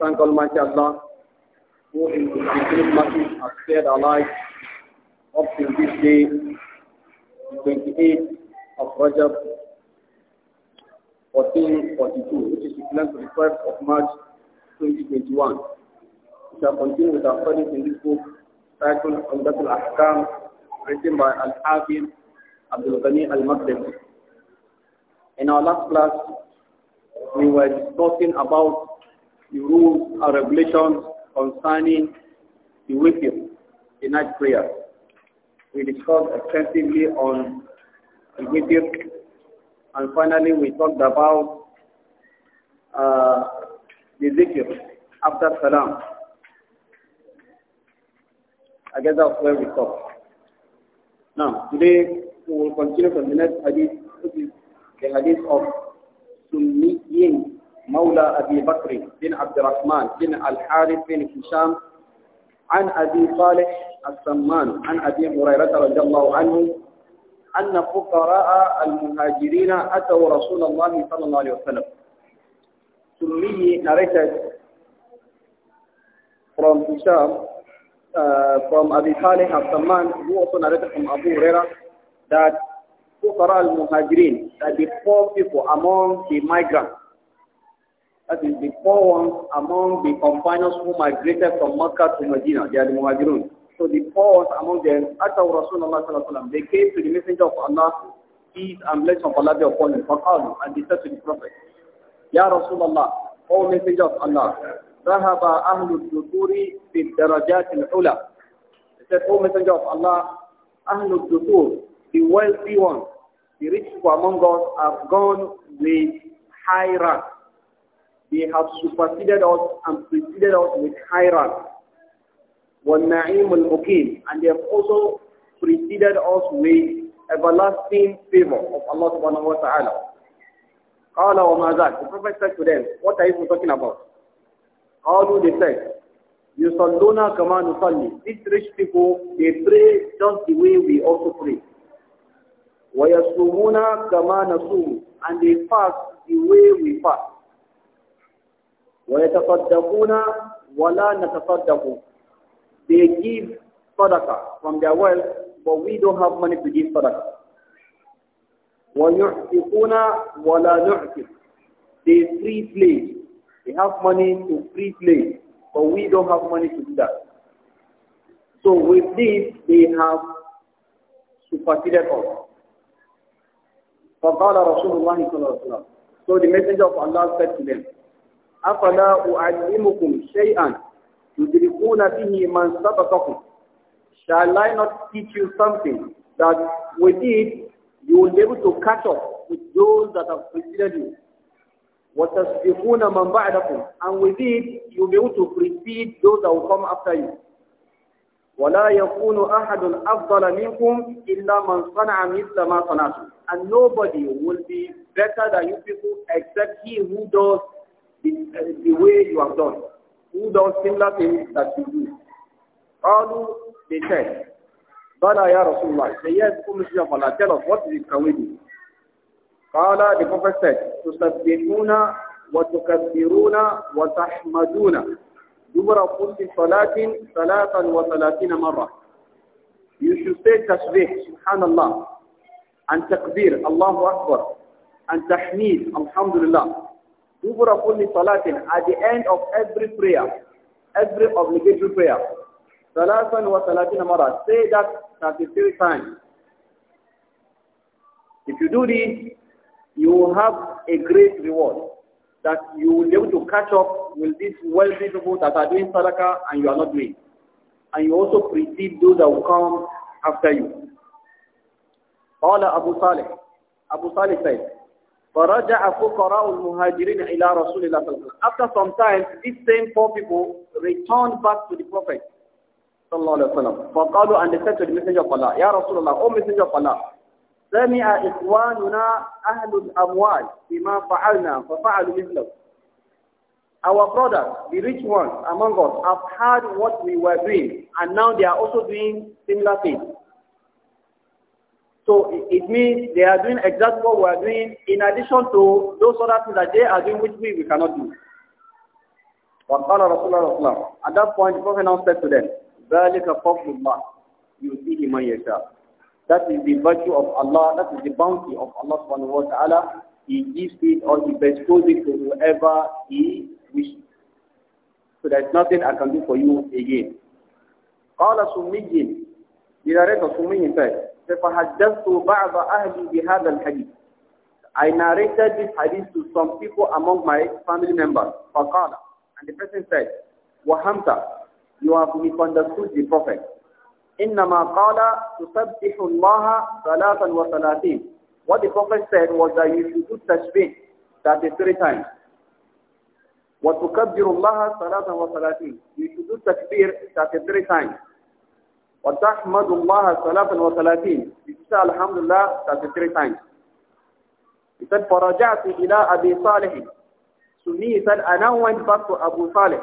thank Almighty Allah who in his infinite mercy has spared our lives up to this day, 28th of Rajab 1442, which is equivalent to the 1st of March 2021. We shall continue with our studies in this book titled Umdatul Ahkam, written by Al-Hafiz Abdul Ghani Al-Maghdib. In our last class, we were discussing about the rules and regulations concerning the waking, the night prayer. We discussed extensively on the waking, and finally we talked about uh, the zikr after salam. I guess that's where we stopped. Now, today we will continue from the next hadith, which is the hadith of Sunni Yin. مولى أبي بكر بن عبد الرحمن بن الحارث بن هشام عن أبي صالح السمان عن أبي هريرة رضي الله عنه أن فقراء المهاجرين أتوا رسول الله صلى الله عليه وسلم سمي نريت from هشام uh, from أبي صالح Al-Samman who also narrated from Abu Huraira that فقراء المهاجرين that the poor people among the migrants That is the poor ones among the companions who migrated from Makkah to Medina. They are the Muhajirun. So the poor ones among them, Ataw Rasulullah sallallahu alayhi they came to the messenger of Allah, peace and blessings of Allah be upon him. and they said to the Prophet, Ya Rasulullah, O messenger of Allah, ذهب أهل الذكور في الدرجات العلى. They said, O messenger of Allah, Ahlul الذكور, the wealthy ones, the rich people among us have gone with high rank. They have superseded us and preceded us with high rank. وَالنَّعِيمُ الْمُقِيمُ And they have also preceded us with everlasting favor of Allah subhanahu wa ta'ala. قَالَ وَمَا The Prophet said to them, what are you talking about? قَالُوا They said, يُصَلُّونَ كَمَا نُصَلِّي, These rich people, they pray just the way we also pray. وَيَصُومُونَ كَمَا نَصُومُ And they fast the way we fast. وَيَتَصَدَّقُونَ وَلَا نَتَصَدَّقُ They give sadaqah from their wealth, but we don't have money to give sadaqah. وَلَا They free play. They have money to free play, but we don't have money to do that. So with this, they have superseded us. فَقَالَ رَسُولُ اللَّهِ صَلَّى اللَّهُ عَلَيْهِ So the messenger of Allah said to them, shall I not teach you something that with it you will be able to catch up with those that have preceded you وَتَسْبِقُونَ مَنْ بَعْدَكُمْ And with it, you'll be able to precede those that will come after you. وَلَا يَكُونُ أَحَدٌ أَفْضَلَ مِنْكُمْ إِلَّا مَنْ صَنَعَ مِثْلَ مَا صَنَعْتُمْ And nobody will be better than you people except he who does uh, the way you have done. Who does similar things that you do? قالوا they said, Bala ya Rasulullah. Say, yes, O Messenger of Allah, tell us, what is it can we do? Qala, the Prophet said, تُسَبِّحُونَ وَتُكَبِّرُونَ وَتَحْمَدُونَ دُبَرَ كُلِّ صَلَاةٍ ثَلَاثًا وَثَلَاثِينَ مَرَّةً You should say tasbih, subhanallah, and takbir, Allahu Akbar, and tahmeed, alhamdulillah. Dubura kulli salatin, at the end of every prayer, every obligatory prayer. Salatan wa salatin amara. Say that 33 times. If you do this, you will have a great reward that you will be able to catch up with these wealthy people that are doing sadaqah and you are not doing. And you also precede those that will come after you. Qala Abu Saleh. Abu Saleh said, فَرَجَعَ فُقَرَاءُ الْمُهَاجِرِينَ إِلَىٰ رَسُولِ اللَّهِ صَلَّى اللَّهُ After some time, these same four people returned back to the Prophet صلى الله عليه وسلم فقالوا and they said to the Messenger of Allah يا رسول الله أو Messenger of Allah سمع إخواننا أهل الأموال بما فعلنا ففعلوا مثله Our brothers, the rich ones among us, have heard what we were doing, and now they are also doing similar things. So it means they are doing exactly what we are doing in addition to those other things that they are doing which we, we cannot do. At that point, the Prophet now said to them, ذَلِكَ see اللَّهِ يُؤْتِيهِ مَنْ That is the virtue of Allah, that is the bounty of Allah subhanahu wa ta'ala. He gives it or He bestows it to whoever He wishes. So there's nothing I can do for you again. قَالَ سُمِّيٍ The narrator Sumi said, فحدثت بعض أهلي بهذا الحديث I narrated this hadith to some people among my family members. فقال, and the person said, وَهَمْتَ, you have misunderstood the Prophet. إِنَّمَا قَالَ تُسَبِّحُ اللَّهَ ثَلَاثًا وَثَلَاثِينَ What the Prophet said was that you should do tashbih, that is three times. وَتُكَبِّرُ اللَّهَ ثَلَاثًا وَثَلَاثِينَ You should do takbir, that is three times. وتحمد الله ثلاثا وثلاثين You say Alhamdulillah 33 times. He said, فرجعت إلى أبي صالح. To me, he said, and I went back to Abu Salih.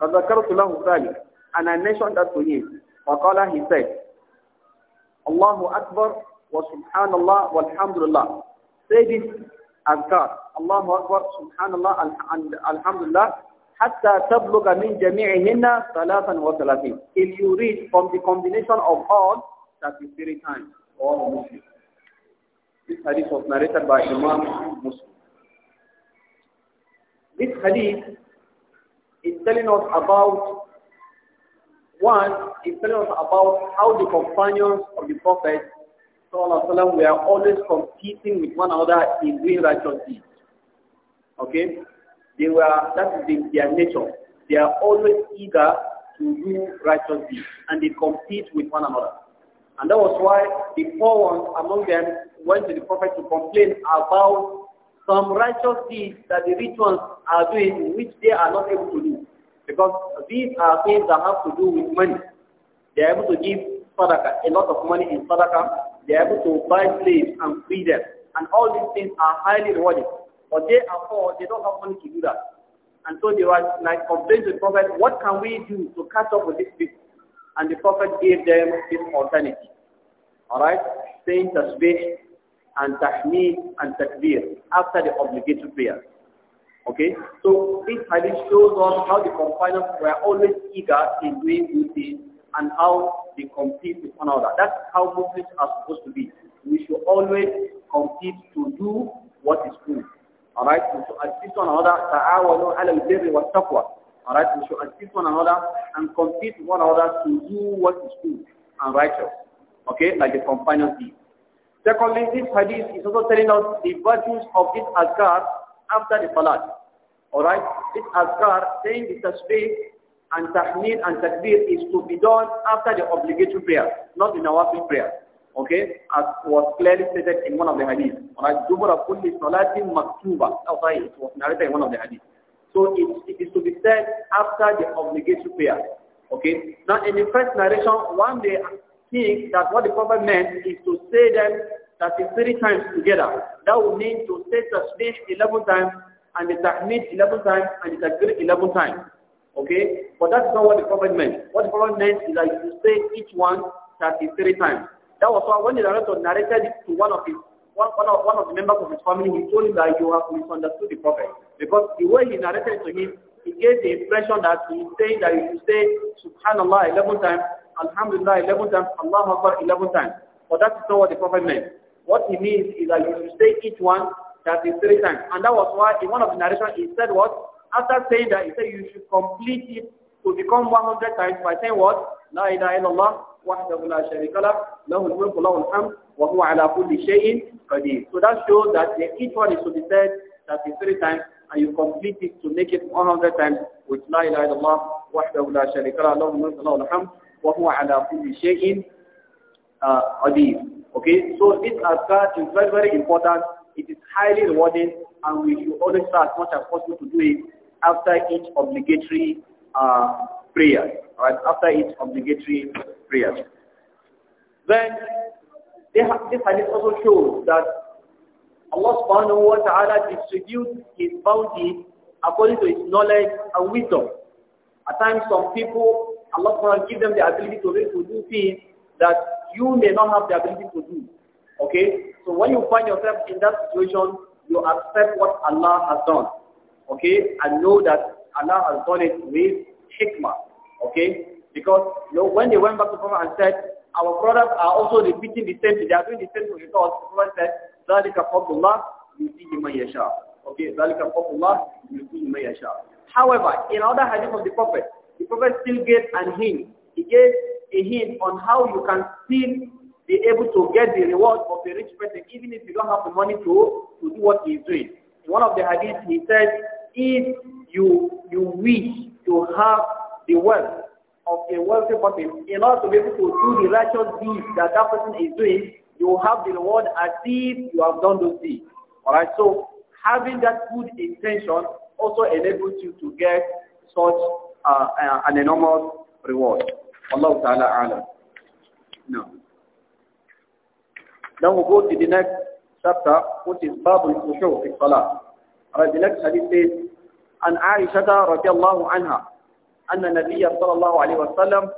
فذكرت له ذلك. And I mentioned that to him. فقال, he said, الله أكبر وسبحان الله والحمد لله. Say this as God. الله أكبر, سبحان الله, الحمد لله hatta tabluga min jami'ihinna salatan wa If you read from the combination of all, that is three times, all Muslim. This hadith was narrated by Imam Muslim. This hadith is telling us about, one, is telling us about how the companions of the Prophet we were always competing with one another in doing righteous deeds. Okay? They were, that is their nature. They are always eager to do righteous deeds and they compete with one another. And that was why the poor ones among them went to the prophet to complain about some righteous deeds that the rich ones are doing which they are not able to do. Because these are things that have to do with money. They are able to give sadaqah, a lot of money in sadaqah. They are able to buy slaves and free them. And all these things are highly rewarding. But they are poor, they don't have money to do that. And so they were like complaining to the Prophet, what can we do to catch up with these people? And the Prophet gave them this alternative. Alright? Saying tasbih and tahmeed and takbir after the obligatory prayer. Okay? So this hadith shows us how the companions were always eager in doing good things and how they compete with one another. That's how Muslims are supposed to be. We should always compete to do what is good. All right, we should assist one another. Ta'awanu ala al-birri wa taqwa. All right, we should assist one another and compete one another to do what is good and righteous. Okay, like the companions did. Secondly, this hadith is also telling us the virtues of this azkar after the salat. Alright, this azkar, saying the tasbih and tahmid and takbir is to be done after the obligatory prayer, not in our free prayer okay, as was clearly stated in one of the hadith. Alright, Dubura kulli salatin maktuba. Oh, it was narrated in one of the hadith. So it, it is to be said after the obligatory prayer. Okay, now in the first narration, one day think that what the Prophet meant is to say them is three times together. That would mean to say Tasbih 11 times, and the Tahmid 11 times, and the Takbir 11 times. Okay? But that's not what the Prophet meant. What the Prophet meant is that you say each one 33 times. That was why when the narrator narrated it to one of his one, one, of, one of the members of his family, he told him that you have misunderstood the prophet. Because the way he narrated to him, he gave the impression that he is saying that you should say Subhanallah 11 times, Alhamdulillah 11 times, Allah Akbar 11 times. But that is not what the prophet meant. What he means is that you should say each one that is three times. And that was why in one of the narrations he said what? After saying that, he said you should complete it to become 100 times by saying what? La ilaha illallah وحده لا شريك له له الملك له الحمد وهو على كل شيء قدير so that shows that each one is to be said 33 times and you complete it to make it 100 times with لا إله إلا الله وحده لا شريك له له الملك له الحمد وهو على كل شيء قدير okay so this azkar is very very important it is highly rewarding and we should always try as much as possible to do it after each obligatory uh, prayer, right? after each obligatory prayers. Then, this hadith also shows that Allah subhanahu wa ta'ala distributes his bounty according to his knowledge and wisdom. At times some people, Allah subhanahu gives them the ability to, to do things that you may not have the ability to do. Okay? So when you find yourself in that situation, you accept what Allah has done. Okay? And know that Allah has done it with hikmah. Okay? Because you know, when they went back to Prophet and said, our products are also repeating the same, thing. they are doing the same thing." the us. Prophet said, ذَلِكَ فَضْلُ اللَّهِ يُؤْتِيهِ مَنْ يَشَاءُ Okay, ذَلِكَ فَضْلُ اللَّهِ يُؤْتِيهِ مَنْ However, in other hadith of the Prophet, the Prophet still gave a hint. He gave a hint on how you can still be able to get the reward of the rich person even if you don't have the money to, to do what he is doing. In one of the hadiths, he said, if you, you wish to have the wealth of a wealthy person, in order to be able to do the righteous deeds that that person is doing, you will have the reward as if you have done those deeds. Alright, so having that good intention also enables you to get such uh, uh, an enormous reward. Allah Ta'ala No. Then we will go to the next chapter, which is Bab al-Khushu fi Salah. Alright, the next hadith says, عن أن النبي صلى الله عليه وسلم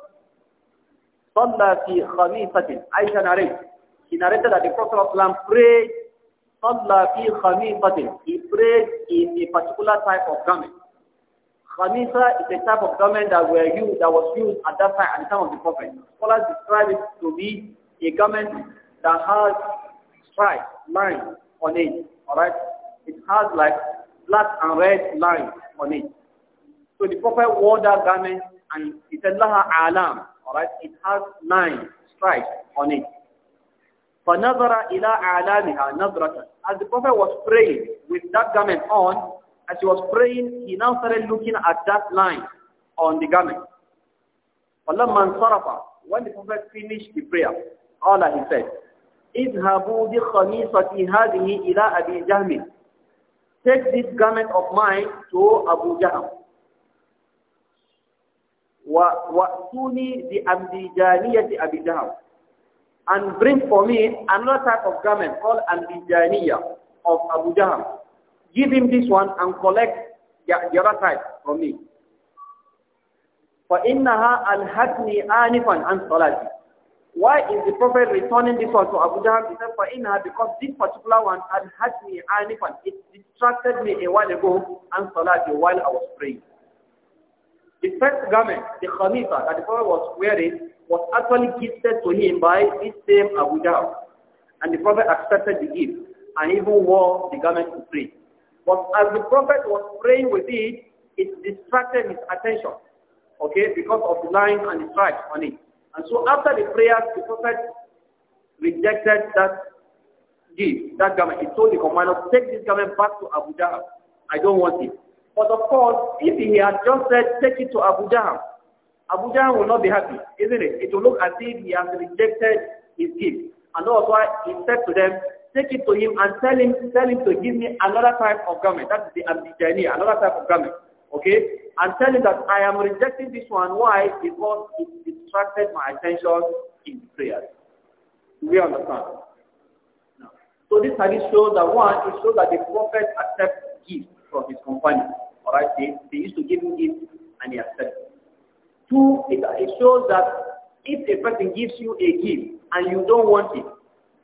صلى في خميسة he narrated that the Prophet of Islam prayed صلى في خميسة he prayed in a particular type of garment Khamisa is a type of garment that were used, that was used at that time, at the time of the Prophet. Scholars describe it to be a garment that has stripes, lines on it. All right, it has like black and red lines on it. So the Prophet wore that garment and he said, Laha alam. Alright, it has nine stripes on it. فَنَظَرَ إِلَىٰ عَلَامِهَا نَظْرَةً As the Prophet was praying with that garment on, as he was praying, he now started looking at that line on the garment. فَلَمَّا انْصَرَفَ When the Prophet finished the prayer, Allah he said, اذهبوا بخميصتي هذه إلى أبي جهم. Take this garment of mine to Abu Jahm. وَأْتُونِي بِأَمْدِجَانِيَةِ أَبِي جَهَلٍ And bring for me another type of garment called Amdijaniyah of Abu Jahal. Give him this one and collect the, the other type from me. فَإِنَّهَا أَلْهَتْنِي آنِفًا an صَلَاتِي Why is the Prophet returning this one to Abu Jahal? He said, فَإِنَّهَا Because this particular one, أَلْهَتْني anifan. It distracted me a while ago, and صَلَاتِي While I was praying. The first garment, the khalifa that the Prophet was wearing, was actually gifted to him by this same Abu Jahl. And the Prophet accepted the gift and even wore the garment to pray. But as the Prophet was praying with it, it distracted his attention, okay, because of the line and the stripes on it. And so after the prayers, the Prophet rejected that gift, that garment. He told the commander, take this garment back to Abu Jahl. I don't want it. But of course, if he had just said, take it to Abu Jahl, Abu Jahl will not be happy, isn't it? It will look as if he has rejected his gift. And that's why he said to them, take it to him and tell him, tell him to give me another type of garment. That is the Abidjani, another type of garment. Okay? And tell him that I am rejecting this one. Why? Because it distracted my attention in prayer. Do we understand? No. So this study shows that one, it shows that the prophet accepts gifts from his companion. Alright, they, they used to give him gifts, and he accepted. Two, it, it shows that if a person gives you a gift and you don't want it,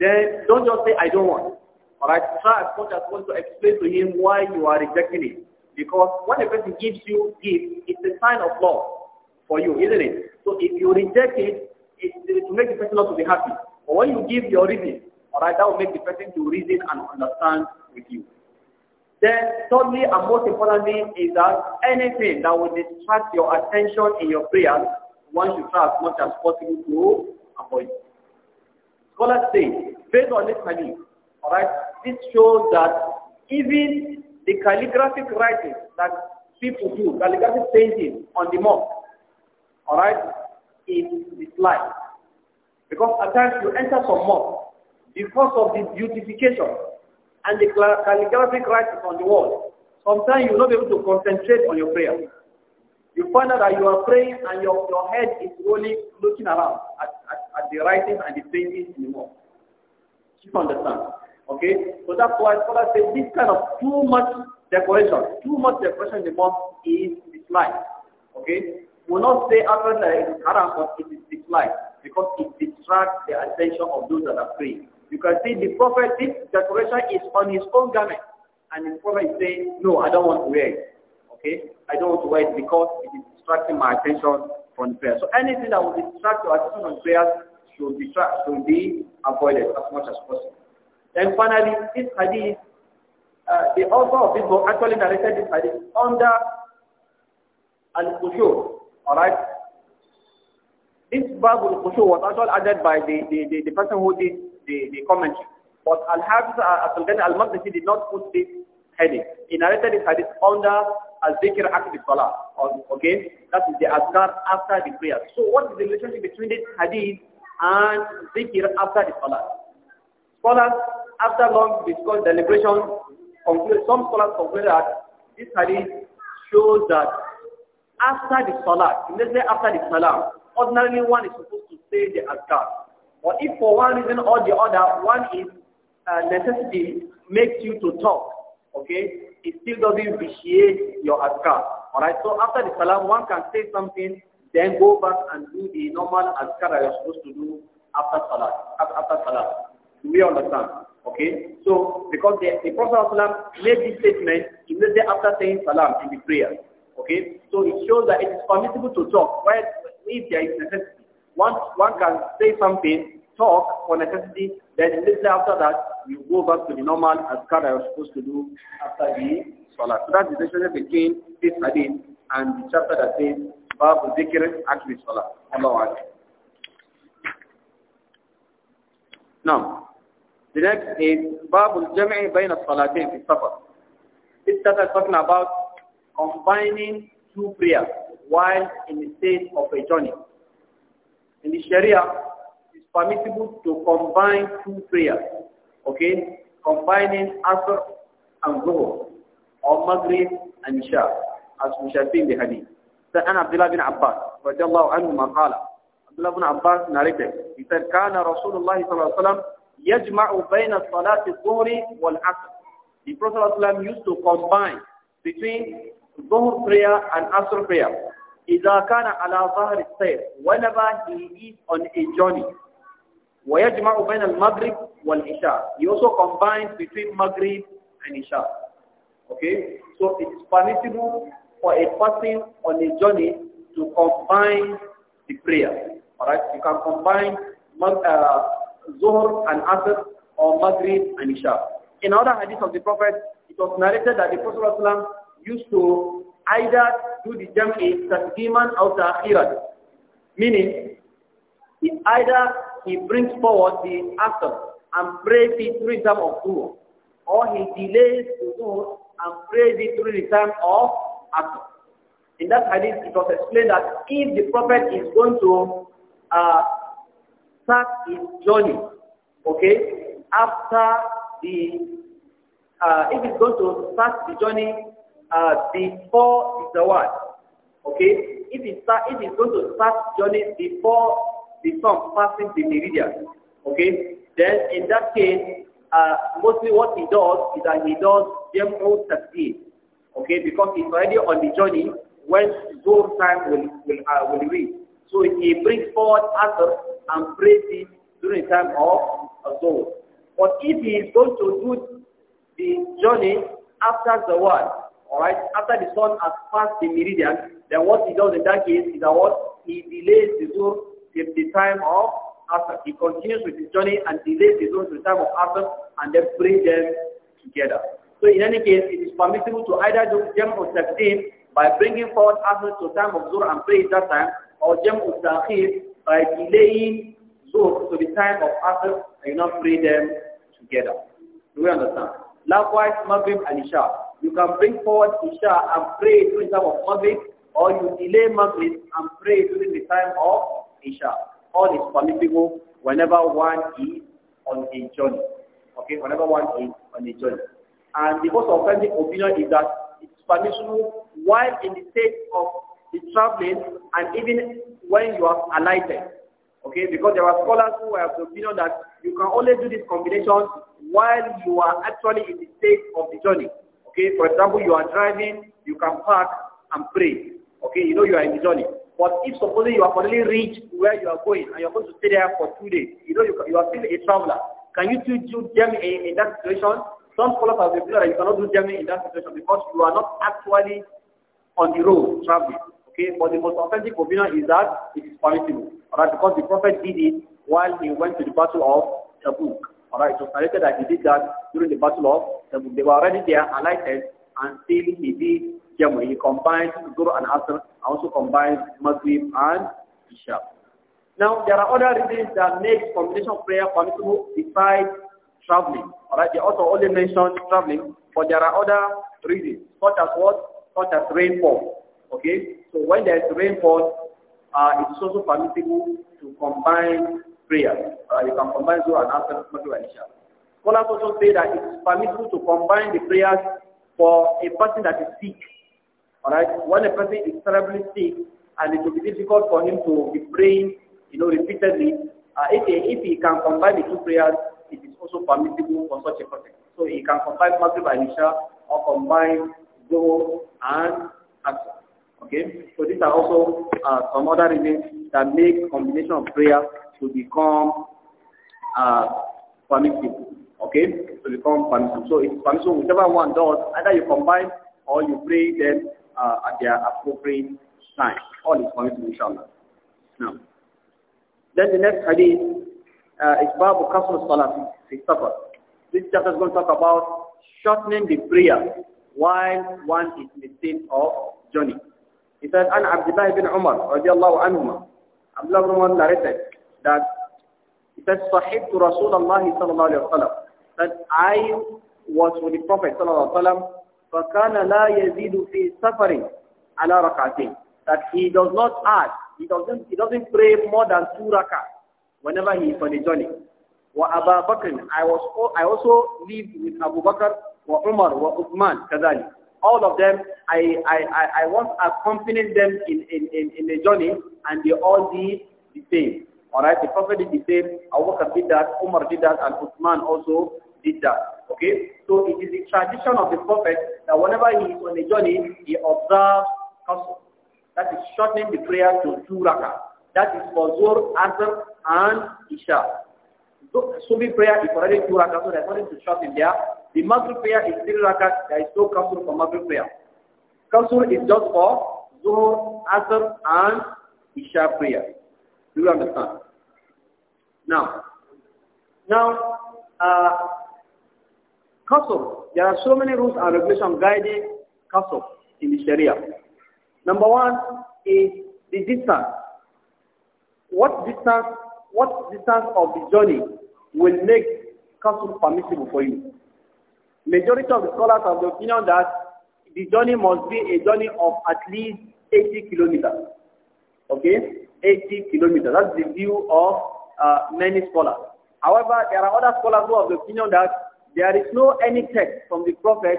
then don't just say, I don't want it. Alright, try as much as possible to explain to him why you are rejecting it. Because when a person gives you gift, it's a sign of love for you, isn't it? So if you reject it, it to make the person not to be happy. But when you give your reason, alright, that will make the person to reason and understand with you. Then, thirdly and most importantly is that anything that will distract your attention in your prayers, one should try as much as possible to avoid. Scholars say, based on this study, alright, this shows that even the calligraphic writing that people do, calligraphic painting on the mosque, alright, is disliked. Because at times you enter some mosque because of the beautification and the calligraphic writing on the wall. Sometimes you'll not be able to concentrate on your prayer. You find out that you are praying and your, your head is only looking around at, at, at the writing and the paintings in the wall. You understand? Okay? So that's why scholars said, this kind of too much decoration, too much decoration in the mosque is disliked. Okay? We'll not say after that it is haram, but it is disliked because it distracts the attention of those that are praying. You can see the prophet, this decoration is on his own garment. And the prophet is saying, no, I don't want to wear it. Okay? I don't want to wear it because it is distracting my attention from prayer. So anything that will distract your attention from prayer should, distract, should be avoided as much as possible. Then finally, this hadith, uh, the author of this book actually narrated this hadith under al-Qushur. Alright? This Babul al-Qushur was actually added by the, the, the, the person who did the, the commentary. But Al-Hafiz uh, Abdul Ghani Al-Maqdisi did not put this heading. He narrated this hadith under Al-Zikr after the Salah. Um, okay? That is the Azkar after the prayer. So what is the relationship between this hadith and Zikr after the Salah? Scholars, after long discussion, deliberation, conclude, some scholars conclude that this hadith shows that after the Salah, immediately after the Salah, ordinarily one is supposed to say the Azkar. But if for one reason or the other, one is uh, necessity makes you to talk, okay, it still doesn't vitiate your azkar. Alright, so after the salam, one can say something, then go back and do the normal azkar that you're supposed to do after salat. After, after salat. Do we understand? Okay, so because the, the Prophet Salam made this statement immediately after saying salam in the prayer. Okay, so it shows that it is permissible to talk, while if there is necessity. Once one can say something, talk for necessity, then immediately after that, you go back to the normal as God. I was supposed to do after the salah. So that's the relationship between this hadith and the chapter that says, Babu Zikr Akli Salah. one. Now, the next is Babu Jam'i Bayna salatim Fi Safar. This chapter is talking about combining two prayers while in the state of a journey in the Sharia, it's permissible to combine two prayers. Okay? Combining Asr and Zuhur, or Maghrib and Isha, as we shall see in the Hadith. So, and Abdullah bin Abbas, radiallahu anhu maqala. Abbas narrated, he said, كان رسول الله صلى الله عليه وسلم يجمع بين صلاة الظهر والعصر. The Prophet used to combine between Zuhur prayer and Asr prayer. إذا كان على ظهر السير whenever he is on a journey ويجمع بين المغرب والعشاء he also combines between Maghrib and Isha okay so it is permissible for a person on a journey to combine the prayer alright you can combine uh, Zuhr and Asr or Maghrib and Isha in other hadith of the Prophet it was narrated that the Prophet used to either do the jam'i tasdiman or ta'khiran. Meaning, he either he brings forward the after and prays it the time of two, or he delays the do and prays it through the time of after. In that hadith, it was explained that if the prophet is going to uh, start his journey, okay, after the, uh, if he's going to start the journey uh, before the what? Okay? If it start, if it's going to start journey before the sun passing the meridian, okay? Then in that case, uh, mostly what he does is that he does Jam'u Tasbih, okay? Because he's already on the journey when goal time will, will, uh, will reach. So he brings forward others and brings it during the time of goal. But if he is going to do the journey after the one, Alright, after the sun has passed the meridian, then what he does in that case is that what? He delays the zuhr till the time of Asr. He continues with his journey and delays the zuhr to the time of Asr and then bring them together. So in any case, it is permissible to either do Jam or Taqdeem by bringing forward Asr to the time of zuhr and pray that time, or Jam or Taqir by delaying zuhr to the time of Asr and you not pray them together. Do we understand? Likewise, Maghrib and Isha you can bring forward Isha and pray during time of Maghrib, or you delay Maghrib and pray during the time of Isha. All is permissible whenever one is on a journey. Okay, whenever one is on a journey. And the most authentic opinion is that it's permissible while in the state of the traveling and even when you are alighted. Okay, because there are scholars who have the opinion that you can only do this combination while you are actually in the state of the journey. Okay, for example, you are driving, you can park and pray. Okay, you know you are in the journey. But if supposedly you have already reached where you are going and you're going to stay there for two days, you know you, you are still a traveler. Can you still do them in, in that situation? Some scholars have been that you cannot do them in that situation because you are not actually on the road traveling. Okay, but the most authentic opinion is that it is permissible. Alright, because the Prophet did it while he went to the battle of Tabuk. Alright, so narrated that he did that during the Battle of They were already there, alighted, and still he did Jamu. He combined Guru and Asr, also combined Maghrib and Isha. Now, there are other reasons that make combination of prayer permissible besides traveling. Alright, they also only mentioned traveling, but there are other reasons, such as what? Such as rainfall. Okay, so when there is rainfall, uh, it's also permissible to combine prayer. Uh, you can combine Zuhr and Asr, Maghrib and Isha. Scholars also say that it's permissible to combine the prayers for a person that is sick. Alright? When a person is terribly sick and it will be difficult for him to be praying, you know, repeatedly, uh, if, he, if he can combine the two prayers, it is also permissible for such a person. So he can combine Maghrib and Isha or combine Zuhr and Asr. Okay? So these are also uh, some other reasons that make combination of prayer to become uh, permissible. Okay, to become permissible. So it's permissible whichever one does. Either you combine or you pray them uh, at their appropriate time. All is permissible, inshallah. Now, then the next hadith uh, is Babu Qasr Salat fi This chapter is going to talk about shortening the prayer while one is in the state of journey. He said, An Abdullah ibn Umar radiallahu anhuma Abdullah ibn narrated that it says, Sahib to Rasulullah sallallahu alayhi wa sallam, that I was with the Prophet sallallahu alayhi wa sallam, فَكَانَ لَا يَزِيدُ فِي سَفَرٍ عَلَى رَكَعْتِينَ That he does not add, he doesn't, he doesn't pray more than two rak'ah whenever he is on a journey. وَأَبَا بَكْرٍ I, was, I also lived with Abu Bakr, وَعُمَر, وَعُثْمَان, كَذَلِكَ all of them, I, I, I, I once accompanied them in, in, in, in a journey and they all did the same. Alright, the Prophet did the same, Abu did that, Umar did that, and Uthman also did that. Okay, so it is the tradition of the Prophet that whenever he is on a journey, he observes qasr. That is shortening the prayer to two rakah. That is for Zuhr, Asr, and Isha. So, Subi prayer is already two rakah, so to short India. there. The Maghrib prayer is three rakah, there is no Qasr for Maghrib prayer. Qasr is just for Zuhur, Asr, and Isha prayer. Do you understand? Now, now, uh, there are so many rules and regulations guiding Qasr in the Sharia. Number one is the distance. What distance what distance of the journey will make custom permissible for you. Majority of the scholars have the opinion that the journey must be a journey of at least 80 kilometers. Okay, 80 kilometers. That's the view of uh, many scholars. However, there are other scholars who have the opinion that there is no any text from the Prophet,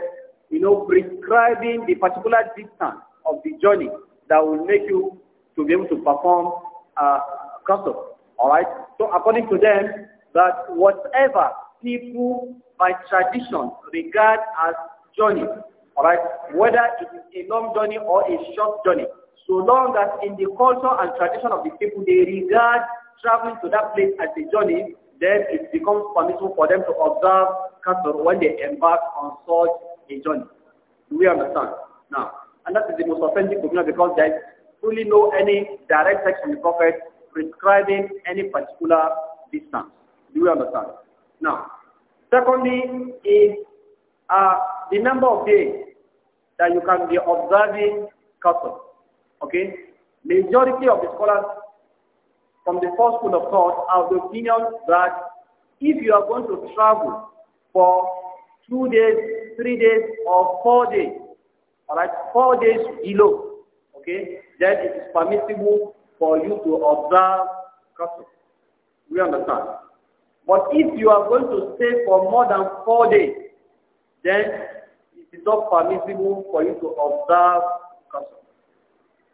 you know, prescribing the particular distance of the journey that will make you to be able to perform uh, custom. Alright? So according to them, that whatever people by tradition regard as journey, alright, whether it is a long journey or a short journey, so long as in the culture and tradition of the people they regard traveling to that place as a journey, then it becomes permissible for them to observe custom when they embark on such a journey. Do we understand? Now, and that is the most authentic opinion because there is truly no any direct text from the Prophet prescribing any particular distance. Do you understand? Now, secondly is uh, the number of days that you can be observing custom. Okay? Majority of the scholars from the first school of thought are of the opinion that if you are going to travel for two days, three days, or four days, all right, four days below, okay, then it is permissible for you to observe custom. We understand. But if you are going to stay for more than four days, then it is not permissible for you to observe custom.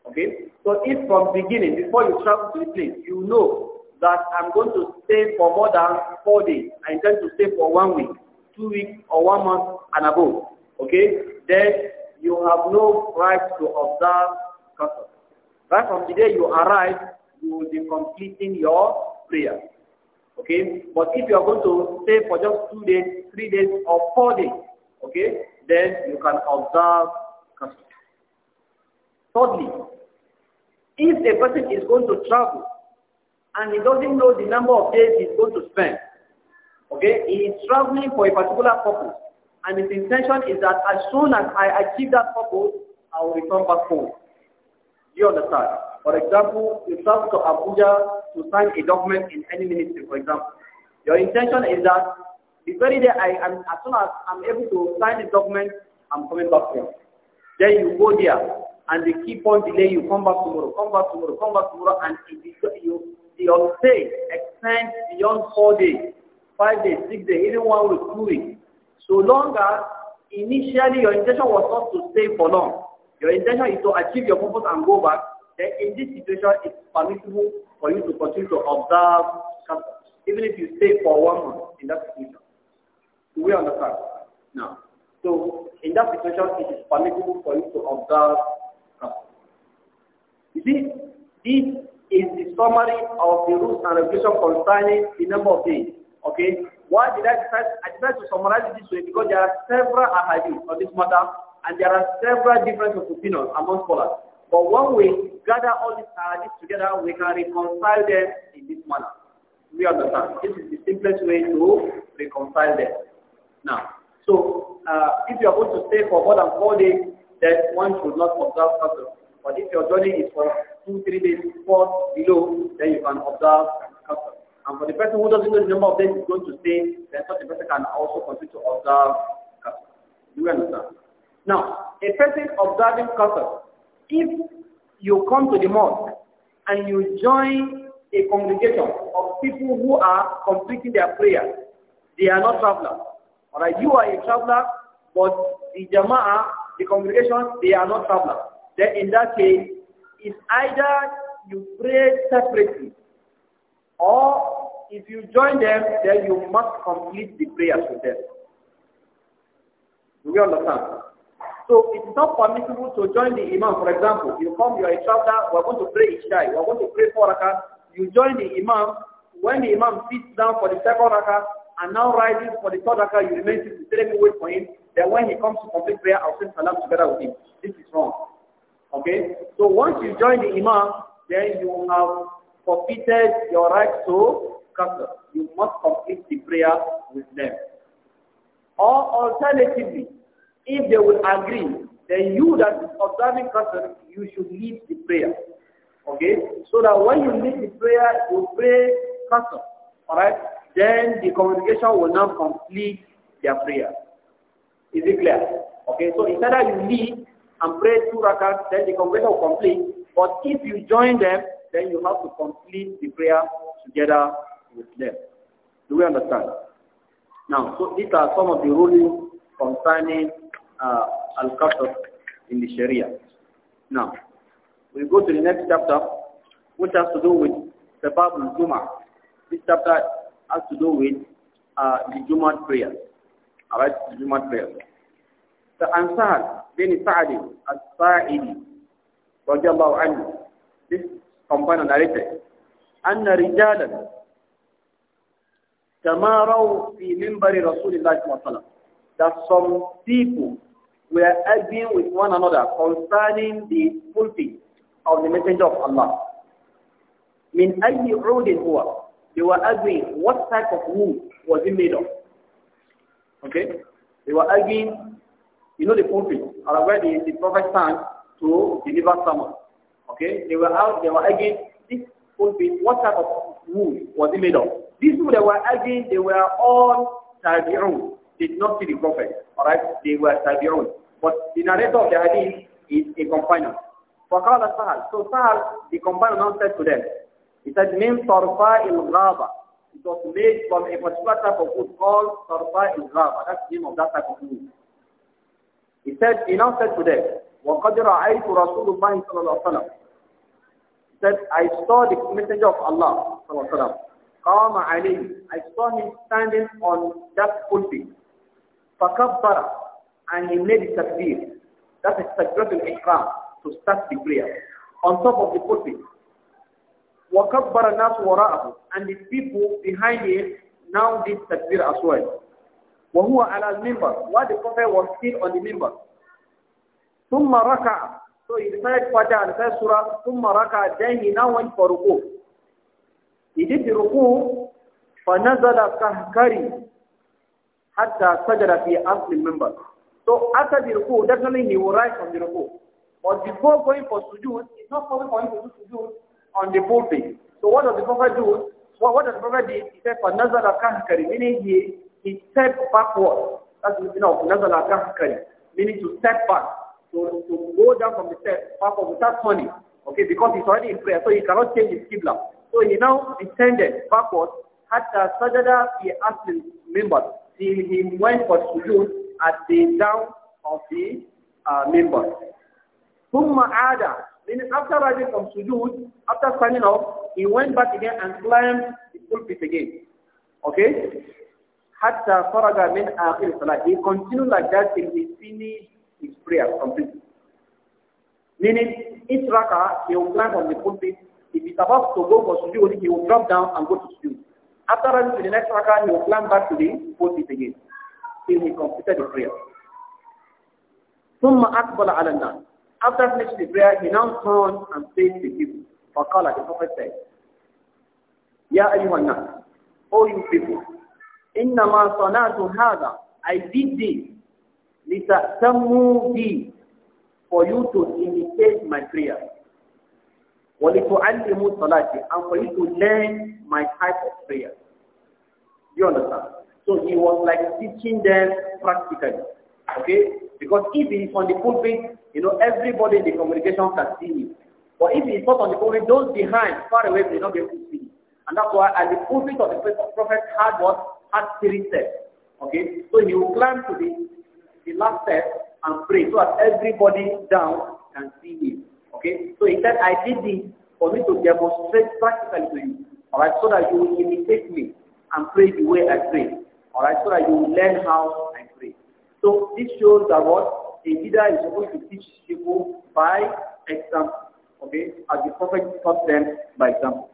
Okay? So if from beginning, before you travel to the place, you know that I'm going to stay for more than four days. I intend to stay for one week, two weeks, or one month and above. Okay? Then you have no right to observe custom. Right from the day you arrive, you will be completing your prayer. Okay? But if you are going to stay for just two days, three days, or four days, okay, then you can observe custom. Thirdly, if a person is going to travel and he doesn't know the number of days he's going to spend, okay, he is traveling for a particular purpose, and his intention is that as soon as I achieve that purpose, I will return back home. You understand? For example, you travel to Abuja to sign a document in any ministry, for example. Your intention is that the very day I am, as soon as I'm able to sign the document, I'm coming back here. Then you go there, and the keep on delay. You come back tomorrow, come back tomorrow, come back tomorrow, and you, your stay extends beyond four days, five days, six days, even one week, two weeks. So long as initially your intention was not to stay for long, your intention is to achieve your purpose and go back, then in this situation, it's permissible for you to continue to observe customs, even if you stay for one month in that situation. Do we understand? Now, so in that situation, it is permissible for you to observe customs. You see, this is the summary of the rules and regulations concerning the number of days. Okay? Why did I decide, I decided to summarize it this way? Because there are several ahadith on this matter and there are several different opinions among scholars. But when we gather all these hadiths together, we can reconcile them in this manner. We understand. This is the simplest way to reconcile them. Now, so uh, if you are going to stay for more than four days, then one should not observe fasting. But if your journey is for two, three days, four below, then you can observe custom. And for the person who doesn't know the number of days is going to stay, then such a person can also continue to observe custom. Do you understand? Now, a person observing Qasr, if you come to the mosque and you join a congregation of people who are completing their prayer, they are not travelers. Alright, you are a traveler, but the jama'ah, the congregation, they are not travelers. Then in that case, it's either you pray separately or if you join them, then you must complete the prayers with them. Do you understand? So it is not permissible to join the imam. For example, you come, you are a traveler, we are going to pray each day, we are going to pray four rakah. You join the imam. When the imam sits down for the second rakah and now rises for the third rakah, you remain sitting, let me wait for him. Then when he comes to complete prayer, I'll send salam together with him. This is wrong. Okay? So once you join the imam, then you have forfeited your right to come. You must complete the prayer with them. Or alternatively, if they will agree, then you that observing custom, you should lead the prayer. Okay? So that when you lead the prayer, you pray custom, Alright? Then the communication will not complete their prayer. Is it clear? Okay, so instead of you lead and pray two rakats, then the congregation will complete. But if you join them, then you have to complete the prayer together with them. Do we understand? Now, so these are some of the rulings concerning uh, al-qasr in the Sharia. Now, we go to the next chapter, which has to do with Sabab al-Jum'ah. This chapter has to do with uh, the Jum'ah prayer. Alright, the Jum'ah prayer. The Ansar bin Sa'd al-Sa'idi, radiallahu anhu, this companion narrated, أن رجالا تماروا في منبر رسول الله وسلم that some people we are arguing with one another concerning the pulpit of the Messenger of Allah. Min ayyi udin huwa. They were arguing what type of wood was it made of. Okay? They were arguing, you know the pulpit, uh, where the, the prophet stands to deliver someone. Okay? They were out, they were arguing this pulpit, what type of wood was it made of. These two, they were arguing, they were all tabi'un did not see the Prophet. Alright, they were tabi'un. But the narrator of the hadith is a companion. فقال Sahal. So Sahal, the companion now said to them, he said, Mim tarfa il ghaba. It was made from a particular type of food called tarfa il ghaba. That's the name of that type of food. He said, he now said to them, وَقَدْ رَأَيْتُ رَسُولُ اللَّهِ صَلَى اللَّهُ عَلَيْهِ وَسَلَّمَ said, I saw the messenger of Allah, صلى الله عليه sallallahu alaihi wasallam, I saw him standing on that pulpit. فكبر and he made the takbir. That is takbiratul ihram to start the prayer on top of the pulpit. وكبر الناس وراءه and the people behind him now did takbir as well. وهو على المنبر while the prophet was still on the member. ثم ركع so he recited Fatiha and recited Surah ثم ركع then he now went for ruku. He did the ruku فنزل كهكري hatta sajada fi asli member. So after the ruku, definitely he will rise from the ruku. But before going for sujood, it's not possible for him to do sujood on the pulpit. So what does the Prophet do? What, what does the Prophet do? He said, for Nazar al-Kahkari, meaning he, he stepped backward. That's the meaning of Nazar al-Kahkari, meaning to step back, to, to go down from the step backward without turning. Okay, because he's already in prayer, so he cannot change his qibla. So he now descended backward, hatta sajada fi asli member till he went for sujood at the down of the uh, member. ثم meaning after rising from sujood, after standing up, he went back again and climbed the pulpit again. Okay? Hatta faraga min akhir salat. He continued like that till he finished his prayer completely. Meaning, each rakah, he will climb on the pulpit. If he's about to go for sujood, he will drop down and go to sujood. After running to the next rakah, he will climb back to the pulpit again till he completed the prayer. ثم أقبل على الناس. After finishing the prayer, he now turned and faced the people. فقال the Prophet said, يا أيها الناس, O you people, إنما صنعت هذا, I did this, لتأتموا بي, for you to imitate my prayer. وَلِتُعَلِّمُوا صَلَاتِي And for you to learn my type of prayer. Do you understand? So he was like teaching them practically. Okay? Because if he's on the pulpit, you know, everybody in the congregation can see him. But if he's not on the pulpit, those behind, far away, they not be able to see it. And that's why at the pulpit of the prophet had what? Had three steps. Okay? So he will climb to the, the last step and pray so that everybody down can see him. Okay? So he said, I did this for me to demonstrate practically to you. Alright, so that you will imitate me and pray the way I pray. Alright, so that you will learn how I pray. So this shows that what a leader is supposed to teach people by example. Okay? As the prophet taught them by example.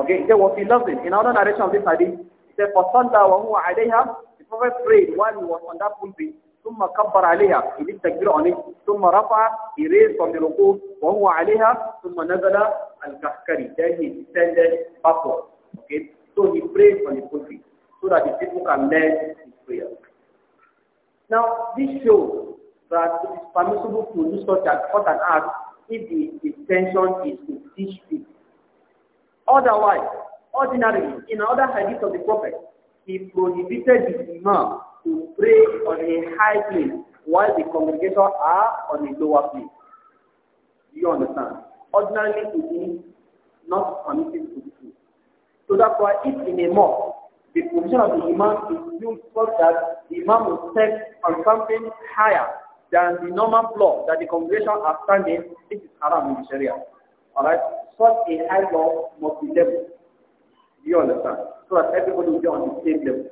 Okay, he said, what he loved it. In another narration of this hadith, he said, For Santa wa huwa alayha, the prophet prayed while he was on that pulpit. ثم كبر عليها he did takbir ثم رفع he raised from وهو عليها ثم نزل الكحكري then he descended okay so he prayed for the pulpit so that the people can learn his prayer now this shows that it is permissible to do such an such an act if the intention is to teach people otherwise ordinarily in other hadith of the prophet he prohibited the imam to pray on a high place while the congregation are on a lower place. Do you understand? Ordinarily, it is not permitted to do. So that's why if in a mosque, the position of the imam is used such that the imam will step on something higher than the normal floor that the congregation are standing, this is haram in Sharia. Alright? Such a high law must be level. Do you understand? So that everybody will be on the same level.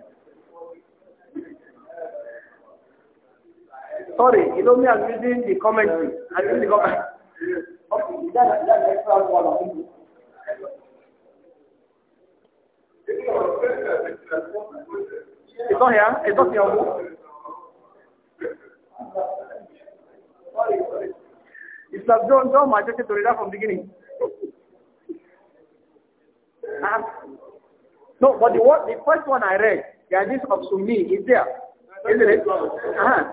sorry, you know me, I'm using the comment. I'm using the comment. Okay, that, that extra one of you. It's not here. It's not here, book. It's not John. John, I just to read that from beginning. uh, no, but the, what, the first one I read, the hadith of Sunni, is there. Isn't it? Uh-huh.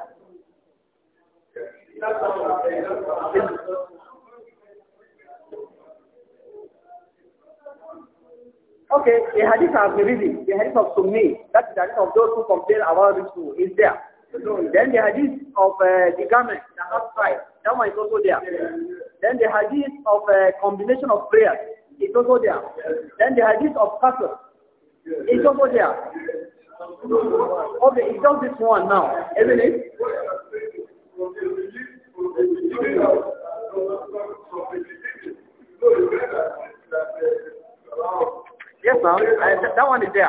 Okay, the hadith of have been reading, the hadith of Sunni, that's the hadith of those who complain about Risu, is there. Then the hadith of uh, the garment, the half price, that one is also there. Then the hadith of uh, combination of prayers, is also there. Then the hadith of cattle, is also there. Okay, it's just this one now, isn't it? Yes, sir. I, that, that one is there.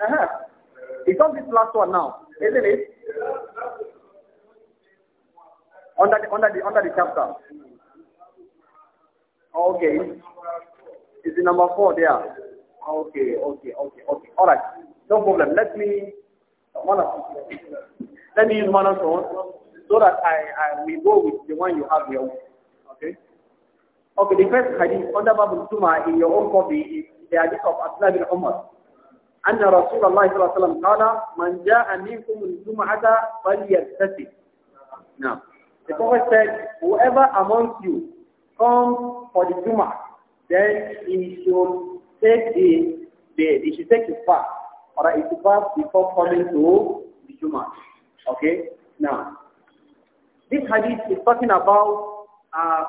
Uh-huh. It's on this last one now, isn't it? Under the, under the, under the chapter. Okay. It's the number four there. Okay, okay, okay, okay. All right. No problem. Let me let me use one of so that I, I we go with the one you have here. Okay. Okay, the first hadith under Babu Tuma in your own copy is the hadith of Abdullah bin Umar. أن رسول الله صلى الله عليه وسلم قال من جاء منكم الجمعة فليغتسل. Now, the Prophet said, whoever amongst you comes for the Jum'ah, then he should take the, the he should take his fast or itikaf before coming to the Juma. Okay? Now, this hadith is talking about uh,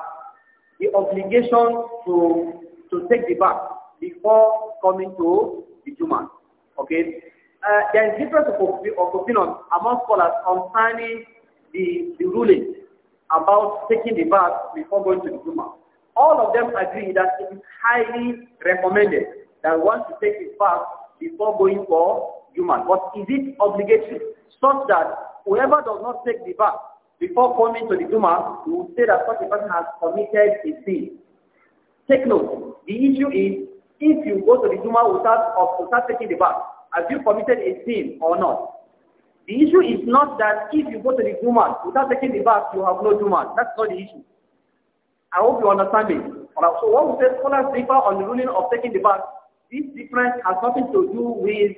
the obligation to, to take the bath before coming to the Juma. Okay? Uh, there is difference of, of opinion among scholars concerning the, the ruling about taking the bath before going to the Juma. All of them agree that it is highly recommended that one should take the bath before going for human, But is it obligatory? Such that whoever does not take the bath before coming to the Juma, we will say that such a person has committed a sin. Take note, the issue is if you go to the Juma without, or without taking the bath, have you committed a sin or not? The issue is not that if you go to the Juma without taking the bath, you have no Juma. That's not the issue. I hope you understand me. So what we say, scholars differ on the ruling of taking the bath this difference has nothing to do with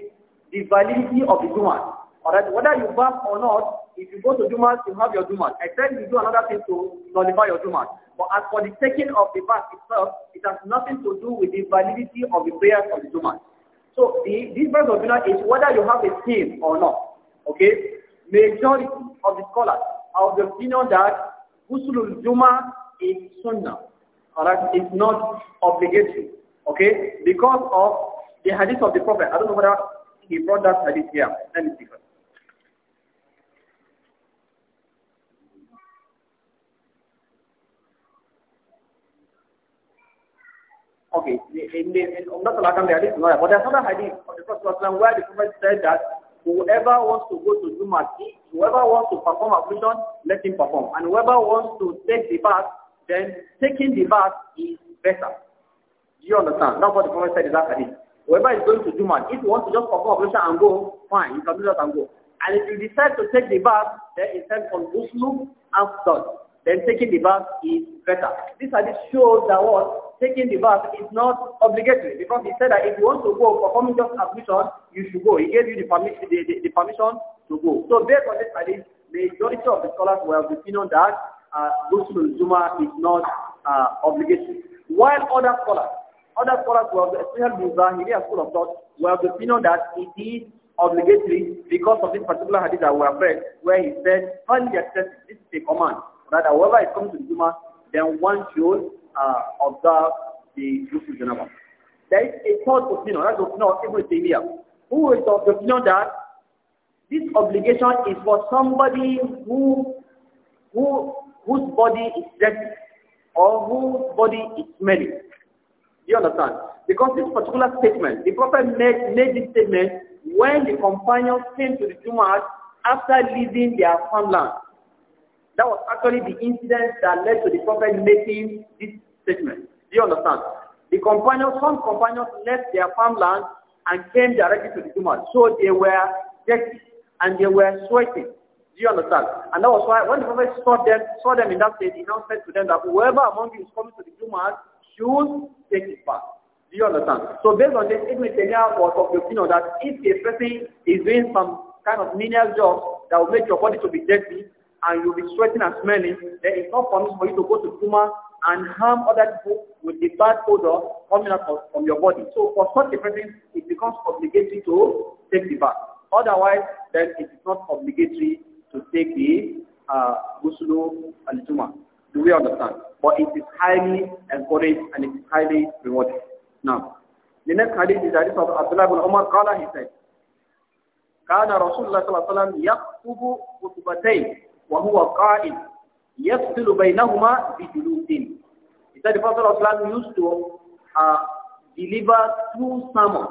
the validity of the Jumat. Alright, whether you fast or not, if you go to Jumat, you have your Jumat. Except you do another thing to nullify your Jumat. But as for the taking of the fast itself, it has nothing to do with the validity of the prayers of the Jumat. So the difference of Jumat is whether you have a team or not. Okay? Majority of the scholars are of the opinion that Usulul Juma is Sunnah. Alright, it's not obligatory. Okay? Because of the hadith of the Prophet. I don't know whether he brought that hadith here. Let me see Okay, in the, in Umdat al-Akam, the hadith, but there's another hadith of the Prophet where the Prophet said that whoever wants to go to Jumat, whoever wants to perform ablution, let him perform. And whoever wants to take the bath, then taking the bath is better. Do you understand? That's what the Prophet said is that Whoever is going to do Juman, if you want to just perform operation and go, fine, you can do that and go. And if you decide to take the bath, then it's time on and after. Then taking the bath is better. This hadith shows that what taking the bath is not obligatory because he said that if you want to go performing just ablution, you should go. He gave you the, permission, the, the, the permission to go. So based on this hadith, the majority of the scholars were of the opinion that uh, Zuma is not uh, obligatory. While other scholars, other scholars were of the especially Muzahiriya school of thought were of the opinion that it is obligatory because of this particular hadith that we have read, where he said, finally accept this is a command. That however it comes to the Juma, then one should uh, observe the Ghusl Janaba. There is a third opinion, that's the opinion of Ibn Taymiyyah, who is of the opinion that this obligation is for somebody who, who, whose body is dead or whose body is smelly. You understand? Because this particular statement, the Prophet made, made this statement when the companions came to the Jumu'at after leaving their farmland. That was actually the incident that led to the Prophet making this statement. Do you understand? The companions, some companions left their farmland and came directly to the Jumu'at. So they were dirty and they were sweating. Do you understand? And that was why when the Prophet saw them, saw them in that state, he now said to them that whoever among you is coming to the Jumu'at, shoes, take it back. Do you understand? So based on this, Ibn Taymiyyah was of the opinion that if a person is doing some kind of menial job that will make your body to be dirty and you'll be sweating and smelling, then it's not permissible for you to go to Puma and harm other people with the bad odor coming out from your body. So for such a person, it becomes obligatory to take the bath. Otherwise, then it is not obligatory to take the uh, Gusulu al-Jumah. Do we understand? But it is highly encouraged and it is highly rewarded. Now, the next hadith is hadith of Abdullah ibn Umar Qala, he said, كان رسول الله صلى الله عليه وسلم يخطب خطبتين وهو قائم يفصل بينهما بجلود. He said the Prophet of Islam used to uh, deliver two sermons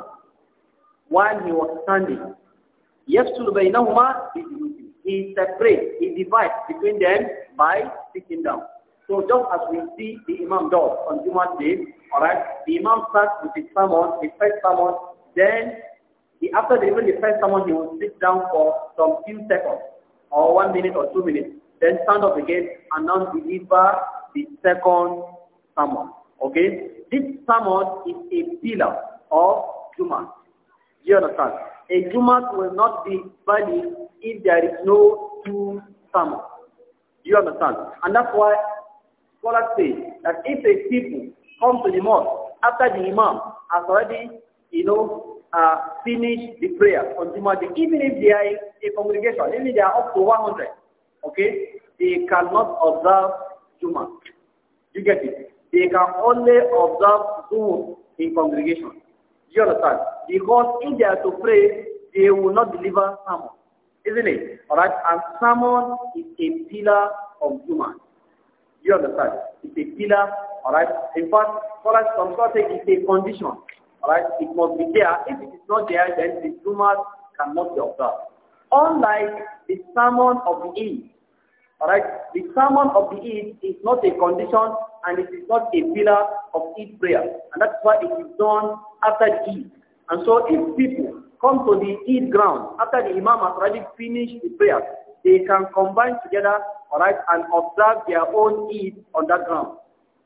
while he was standing. يفصل بينهما بجلود he separates, he divides between them by sitting down. So just as we see the Imam does on Jumat day, alright, the Imam starts with his sermon, his first sermon, then he, after delivering the first sermon, he will sit down for some few seconds, or one minute or two minutes, then stand up again and now deliver the second sermon. Okay? This sermon is a pillar of Jumat. Do you understand? a Jumat will not be valid if there is no two sermons. You understand? And that's why scholars say that if a people come to the mosque after the imam has already, you know, uh, finished the prayer on Jumat even if they are a congregation, even if they are up to 100, okay, they cannot observe Jumat. You get it? They can only observe Zuhur in congregation. You understand? Because if they are to pray, they will not deliver sermon. Isn't it? Alright? And sermon is a pillar of human. You understand? It's a pillar, alright? In fact, for us, some sort it's a condition. Alright? It must be there. If it is not there, then the human cannot be observed. Unlike the sermon of the Eve, Alright? The sermon of the Eid is not a condition and it is not a pillar of Eid prayer. And that's why it is done after the Eid. And so if people come to the Eid ground after the Imam has already finished the prayer, they can combine together, alright, and observe their own Eid on that ground.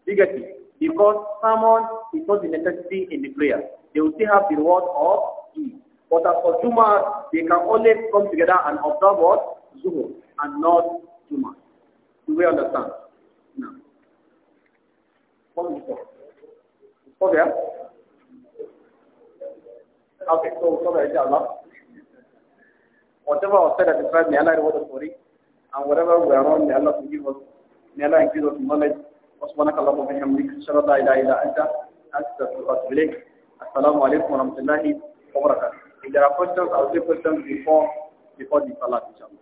You get it? Because sermon is not the necessity in the prayer. They will still have the word of Eid. But as for Juma, they can only come together and observe what? Zuhur and not Juma. Do we understand? No. okay. Okay. Okay, so stop inshallah. Whatever was said at the time, may Allah reward us for it. And whatever we are on, may Allah forgive us. May Allah increase us in knowledge. وسبحانك اللهم وبحمدك اشهد ان لا اله الا انت استغفرك اليك السلام عليكم ورحمه الله وبركاته if there are questions i'll take questions before before the salat inshallah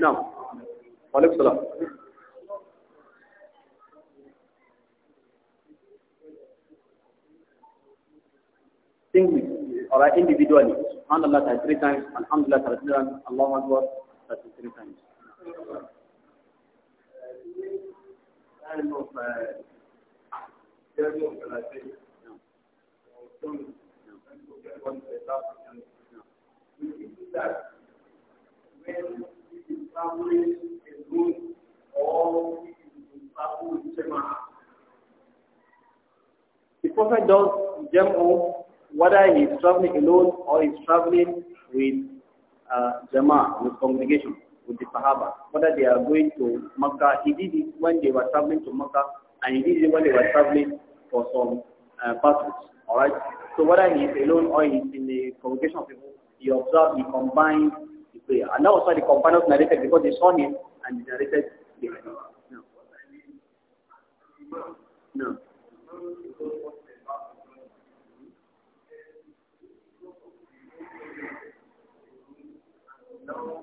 now وعليكم السلام singly or individually. Subhanallah three times, Alhamdulillah three times, Allahu Akbar three times is traveling alone or if it is traveling with Jemaah. The Prophet does Jam'u whether he is traveling alone or he is traveling with uh, Jama'ah, with congregation, with the Sahaba. Whether they are going to Makkah, he did it when they were traveling to Makkah and he did it when they were traveling for some uh, Alright? So whether he is alone or he is in the congregation of people, he observes, he combines the prayer. And why the companions narrated because they saw him and they narrated the No. No.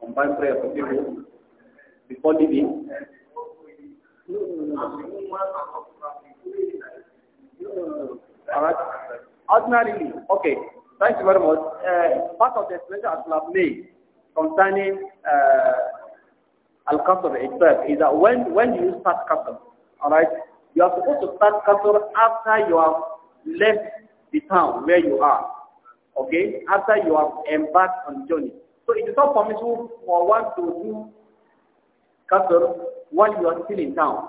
Combined prayer for people before leaving. No, no, no. All right. Ordinarily, okay. Thank you very much. Uh, part of the explanation I have made concerning uh, Al-Qasr itself is that when, when you start Qasr, alright, you are supposed to start Qasr after you have left the town where you are, okay, after you have embarked on journey. So it is not permissible for one to do Qasr while you are still in town,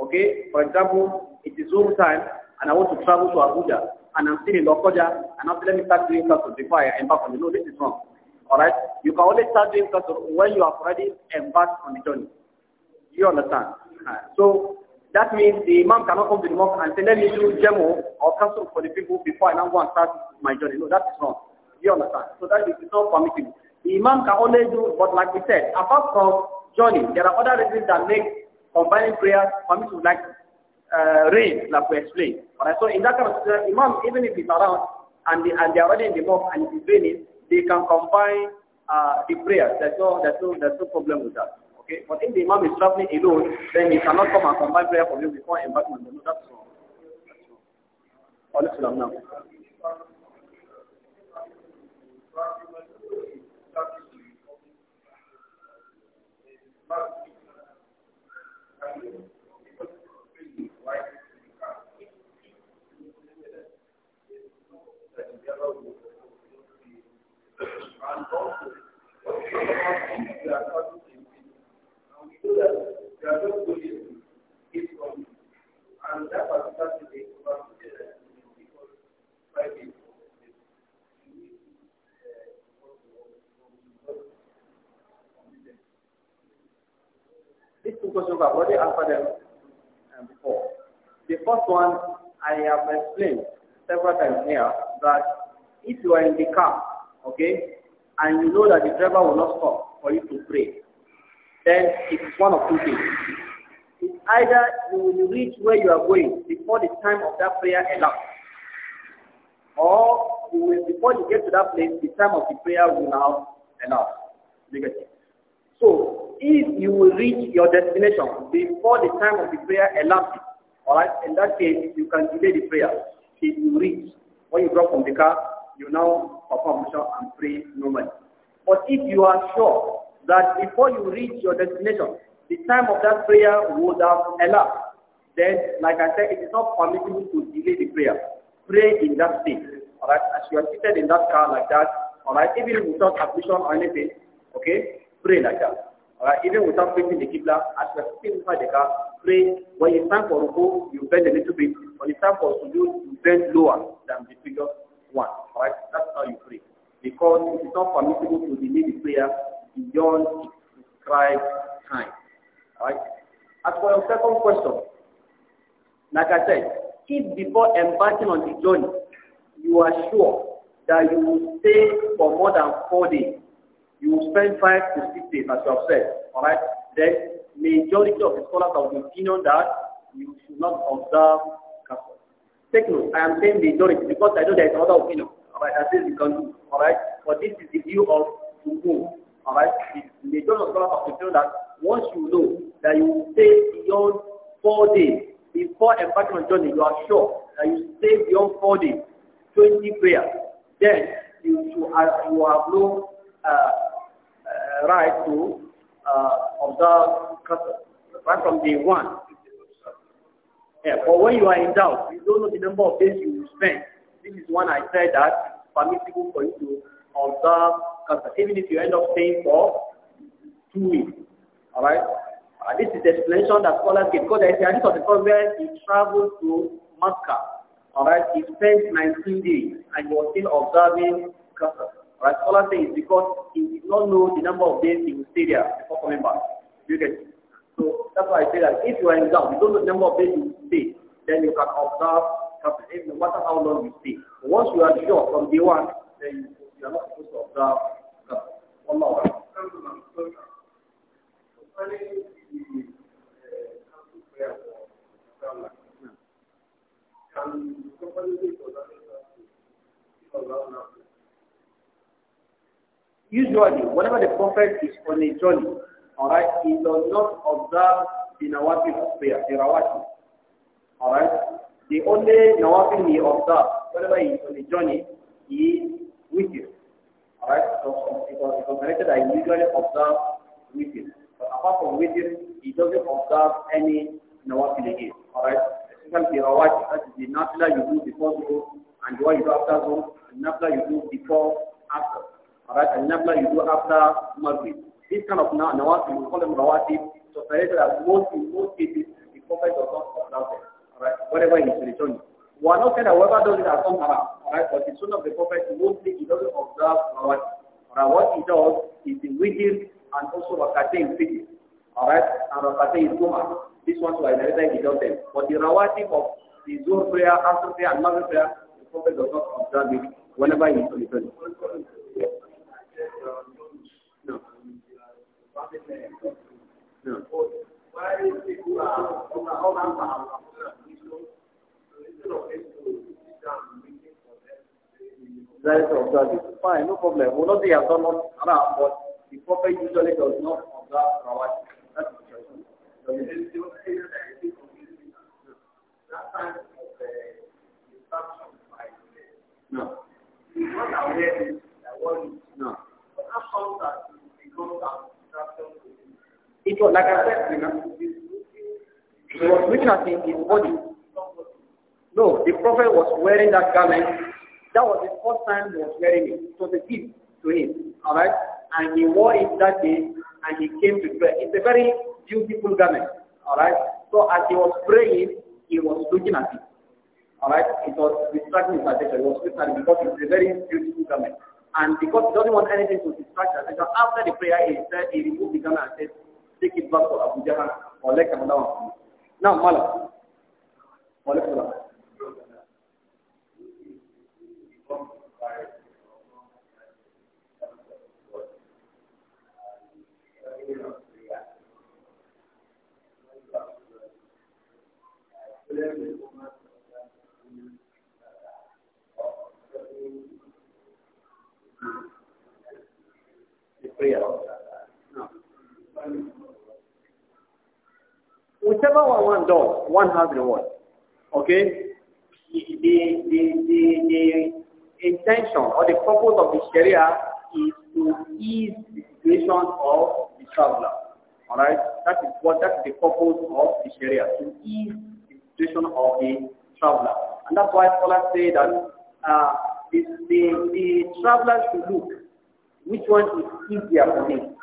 okay. For example, it is room time and I want to travel to Abuja and I'm still in Lokoja, and after let me start doing Kasur before I embark on the No, this is wrong. Alright? You can only start doing Kasur when you have already embarked on the journey. You understand? Right. So, that means the Imam cannot come to the mosque and say, let me do Jemo or Kasur for the people before I now go and start my journey. No, that is wrong. You understand? So that is not permitted. The Imam can only do, but like we said, apart from journey, there are other reasons that make combining prayers permissible, like uh, rain, like we explained. Alright, so in that kind of situation, imam, even if he's around and, the, and they're already in the mosque and it's raining, they can combine uh, the prayer. There's no, there's, no, there's no problem with that. Okay, but if the imam is traveling alone, then he cannot come and combine prayer for you before embarkment. No, that's wrong. That's wrong. now. two questions I've answered them um, before. The first one, I have explained several times here that if you are in the car, okay, and you know that the driver will not stop for you to pray, then it's one of two things. It's either you will reach where you are going before the time of that prayer elapses, or you will, before you get to that place, the time of the prayer will now elapse. Negative. So if you will reach your destination before the time of the prayer elapses, all right, in that case, you can delay the prayer if you reach. When you drop from the car, you now perform Isha and pray normally. But if you are sure that before you reach your destination, the time of that prayer would have elapsed, then, like I said, it is not permissible to delay the prayer. Pray in that state, all right? As you are seated in that car like that, all right, even without admission or anything, okay, pray like that. Alright, even without facing the Qibla, as you are sitting inside the car, pray. When it's time for Ruku, you bend a little bit. When it's time for Sujud, you bend lower than the figure one. Alright, that's how you pray. Because it is not permissible to delay the prayer beyond its prescribed time. Alright. As for your second question, like I said, if before embarking on the journey, you are sure that you will stay for more than four days, you will spend five to six days, as you have said. All right. Then majority of the scholars have of the opinion that you should not observe Take note, I am saying majority because I know there is another opinion. All right, that says you can do. All right, but this is the view of who? All right, the majority of scholars have the opinion that once you know that you will stay beyond four days before embarking on journey, you are sure that you stay beyond four days, twenty prayers. Then you should have, you have no uh, right to uh, observe Qasr, right from day one. Yeah, but when you are in doubt, you don't know the number of days you will spend. This is one I said that it's permissible for you to observe Qasr, even if you end up staying for two weeks. Alright? Uh, this is the explanation that scholars give because there is a hadith of the Prophet where he traveled to Moscow. Alright, he spent 19 days and he was still observing Qasr. Right? All Scholars say is because he did not know the number of days he will stay there before coming back. You get it? So that's why I say that if you are in doubt, you don't know the number of days you will stay, then you can observe Kapil no matter how long you stay. But once you are sure from day one, then you, you are not supposed to observe Kapil. One more. Can for that? Uh, Usually, whenever the prophet is on a journey, alright, he does not observe the nawafil prayer, the rawatib. Alright? The only nawafil he observes whenever he is on a journey is with you. Alright? So because it was narrated that he usually observes with you. But apart from with you, he doesn't observe any nawafil again. Alright? Especially the rawatib, that is the nafila you do before Zuhur, and the one you do after Zuhur, the nafila you do before after. Alright, and never you do after Maghrib. This kind of now, Nawati, we call them Rawati, so say that most, in most cases, the Prophet does not observe them. Alright, whatever he is returning. We are not saying that whoever does it has done haram. Alright, but the son of the Prophet, mostly he doesn't observe Rawati. Alright, what he does is in Wigil and also Rakate in Fiji. Alright, and Rakate in Guma. This one, so I never he does them. But the Rawati of the Zuhr prayer, Asr prayer, and Maghrib prayer, the Prophet does not observe it whenever he is returning. No. No. That is observed. Fine, no problem. We know they have done not haram, but the Prophet usually does not observe Rawat. That's the question. That time of the instruction by the No. What are we No. it was, like I said, you know, he was looking at his body. No, the prophet was wearing that garment. That was the first time he was wearing it. It was a gift to him. Alright? And he wore it that day and he came to pray. It's a very beautiful garment. Alright? So as he was praying, he was looking at it. Alright? It was distracting his attention. He was looking at it because it's a very beautiful garment. And because he doesn't want anything to distract us, so after the prayer, he said, he removed the gun and said, take it back to Abuja or let another one. Now, Mala. Mala. whatever one, one does, one has reward. Okay? The, the, the, the intention or the purpose of the Sharia is to ease the situation of the traveler. Alright? That is what that is the purpose of the Sharia, to ease the situation of the traveler. And that's why scholars say that uh, the, the, the traveler should look which one is easier for him.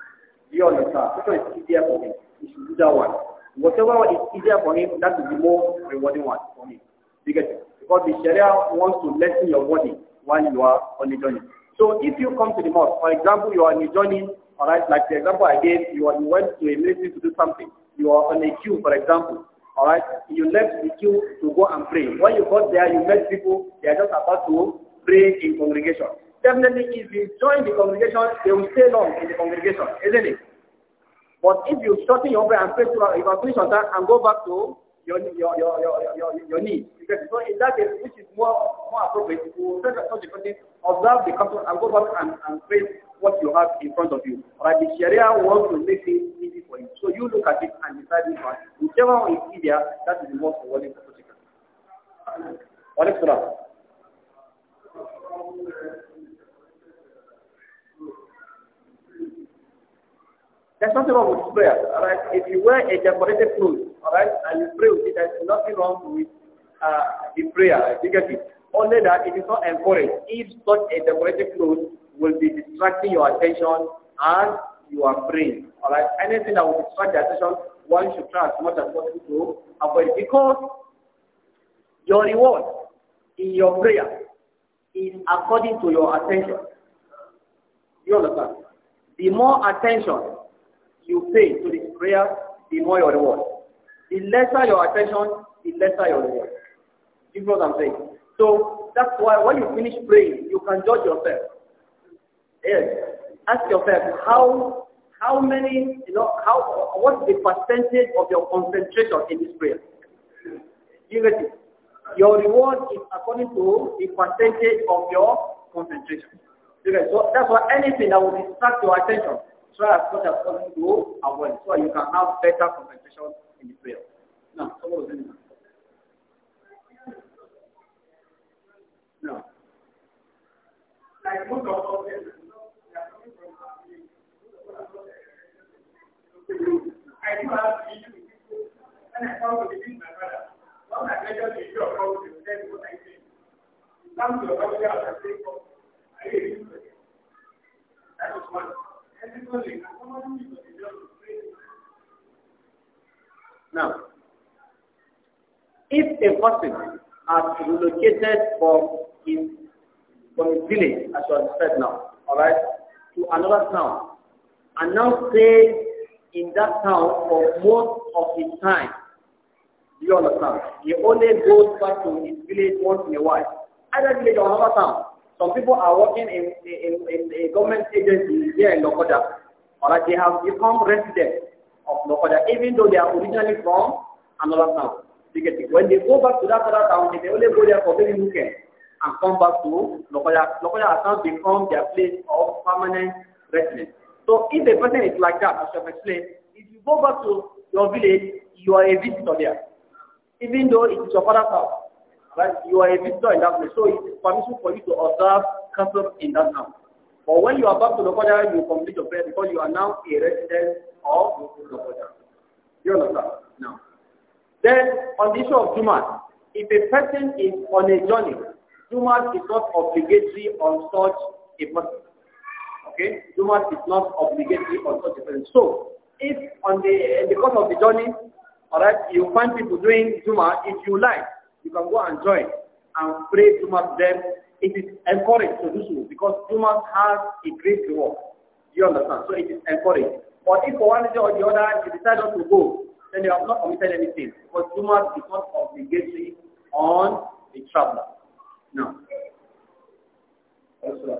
you understand? Which one is easier for him? He should do that one. Whatever is easier for him, will be more rewarding one for him. Because, because the Sharia wants to lessen your body while you are on the journey. So if you come to the mosque, for example, you are on the journey, all right, like the example I gave, you, are, you went to a military to do something. You are on a queue, for example. All right, you left the queue to go and pray. When you got there, you met people, they are just about to pray in congregation. Definitely, if you join the congregation, they will stay long in the congregation, isn't it? But if you shorten your prayer and pray throughout, you can finish on time and go back to your your your your your, your Because so in that case, which is more more appropriate, you set up such observe the custom and go back and, and pray what you have in front of you. Right? The Sharia wants to make it easy for you. So you look at it and decide which one. Whichever one is easier, that is the most rewarding for the a condition. There's nothing wrong with prayer, alright? If you wear a decorated clothes, alright, and you pray with it, there's nothing wrong with uh, the prayer, you get it? Only that it is not encouraged. If such a decorated clothes will be distracting your attention and you are praying, alright? Anything that will distract the attention, one should try as much as possible to avoid Because your reward in your prayer is according to your attention. You understand? The more attention you pay to this prayer, the more your reward. The lesser your attention, the lesser your reward. You know what I'm saying? So that's why when you finish praying, you can judge yourself. Yes. Ask yourself how how many you know how what's the percentage of your concentration in this prayer? You get it? Your reward is according to the percentage of your concentration. You get it? So that's why anything that will distract your attention try as much as possible to avoid so you can have better concentration in the prayer. Now, someone was in No. I do I I the issue of I oh, it. Now, if a person has relocated from his from his village, as you have said now, all right, to another town, and now stays in that town for most of his time, you understand? He only goes back to his village once in a while, either village or another town. Some people are working in, in, in a government agency here in Lokoda. Alright, they have become residents of Lokoda, even though they are originally from another town. When they go back to that other town, they only go there for maybe and come back to Lokoda. Lokoda has now become their place of permanent residence. So if a person is like that, as I've explained, if you go back to your village, you are a visitor there, even though it is your father's house. But you are a visitor in that place, so it is permissible for you to observe customs in that town. But when you are back to the border, you complete your prayer because you are now a resident of the border. You understand? Now, then on the issue of Jumat, if a person is on a journey, Jumat is not obligatory on such a person. Okay? Jumat is not obligatory on such a person. So, if on the, in the course of the journey, alright, you find people doing Jumat, if you like, you can go and join and pray Jumas them. It is encouraged to do so because Jumas has a great reward. You understand? So it is encouraged. But if for one reason or the other you decide not to go, then you have not committed anything. Because Jumas is not obligatory on the traveler. No. Yes,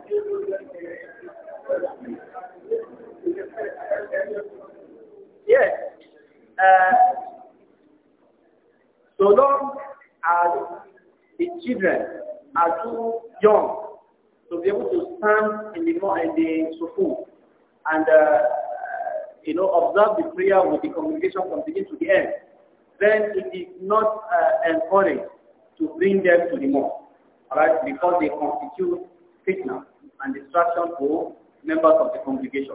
So long as the children are too young to be able to stand in the in the sufu and uh, uh, you know observe the prayer with the congregation from beginning to the end, then it is not uh, encouraged to bring them to the mosque, right? Because they constitute fitna and distraction for members of the congregation.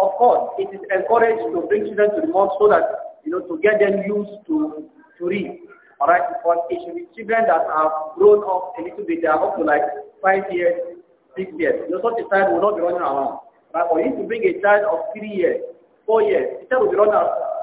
Of course, it is encouraged to bring children to the mosque so that you know to get them used to to read Alright, because it should be children that have grown up a little bit, they are up to like five years, six years. You know, such a child will not be running around. But for you to bring a child of three years, four years, the child will be running,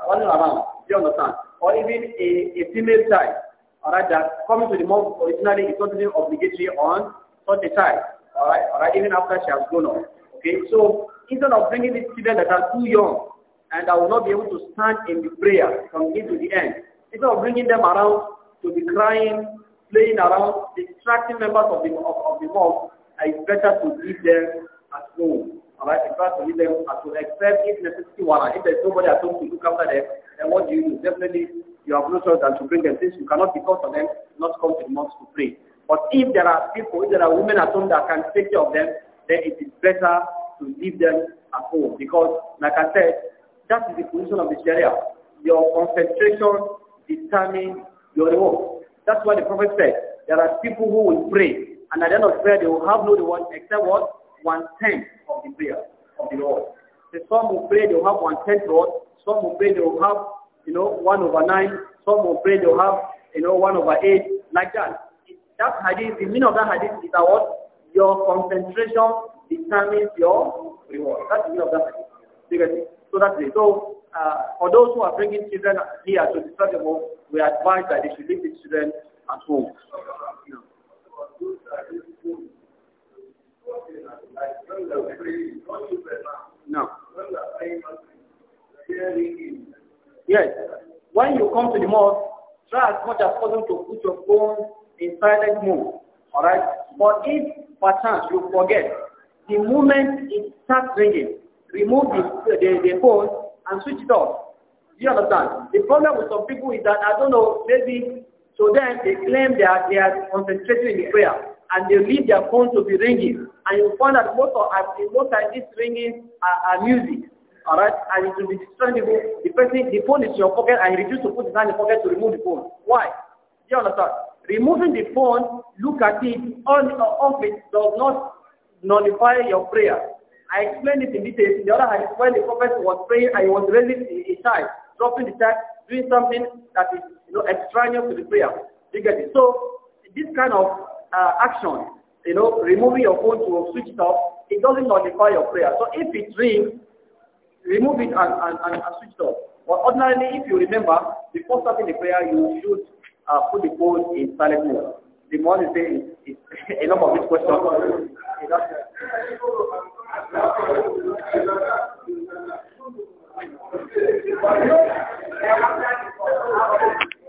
running around. Do you understand? Or even a, a female child, alright, that coming to the mosque originally is not even obligatory on such a child. Alright, alright, even after she has grown up. Okay, so instead of bringing these children that are too young and that will not be able to stand in the prayer from the beginning to the end, Instead of bringing them around to be crying, playing around, distracting members of the, of, of the mosque, it's better to leave them at home. Alright, it's better to leave them at home, except if necessity warrants, If there's nobody at home to look after them, then what do you do? Definitely, you have no choice than to bring them. Since you cannot, because of them, not come to the mosque to pray. But if there are people, if there are women at home that can take care of them, then it is better to leave them at home. Because, like I said, that is the position of the Sharia. Your concentration determine your reward. That's what the Prophet said. There are people who will pray, and at the end of prayer, they will have no reward except what? One-tenth of the prayer, of the Lord." So some will pray, they will have one-tenth reward. Some will pray, they will have, you know, one over nine. Some will pray, they will have, you know, one over eight, like that. That hadith, the meaning of that hadith is that what? Your concentration determines your reward. That's the meaning of that hadith. So that's it. So uh, for those who are bringing children here to the study home, we advise that they should leave the children at home. No. Yes. When you come to the mosque, try as much as possible to put your phone in silent mode. Alright? But if perchance you forget, the moment it starts ringing, remove the, the, the phone and switch it off. Do you understand? The problem with some people is that, I don't know, maybe, so then they claim they are, they are concentrating in the prayer and they leave their phone to be ringing. And you find that most of, the most of these ringing are, are music. Alright, and it will be distracting people. The person, the phone is in your pocket and you refuse to put it in your pocket to remove the phone. Why? Do you understand? Removing the phone, look at it, on or off it, does not nullify your prayer. I explained it in detail. In the other hand, when the prophet was praying, I was raising his child, dropping the child, doing something that is you know, extraneous to the prayer. You get it? So this kind of uh, action, you know, removing your phone to switch it off, it doesn't nullify your prayer. So if it rings, remove it and, and, and, and switch it off. But ordinarily, if you remember, before starting the prayer, you should uh, put the phone in silent mode. The more you say, it's, enough of this question. Thank you.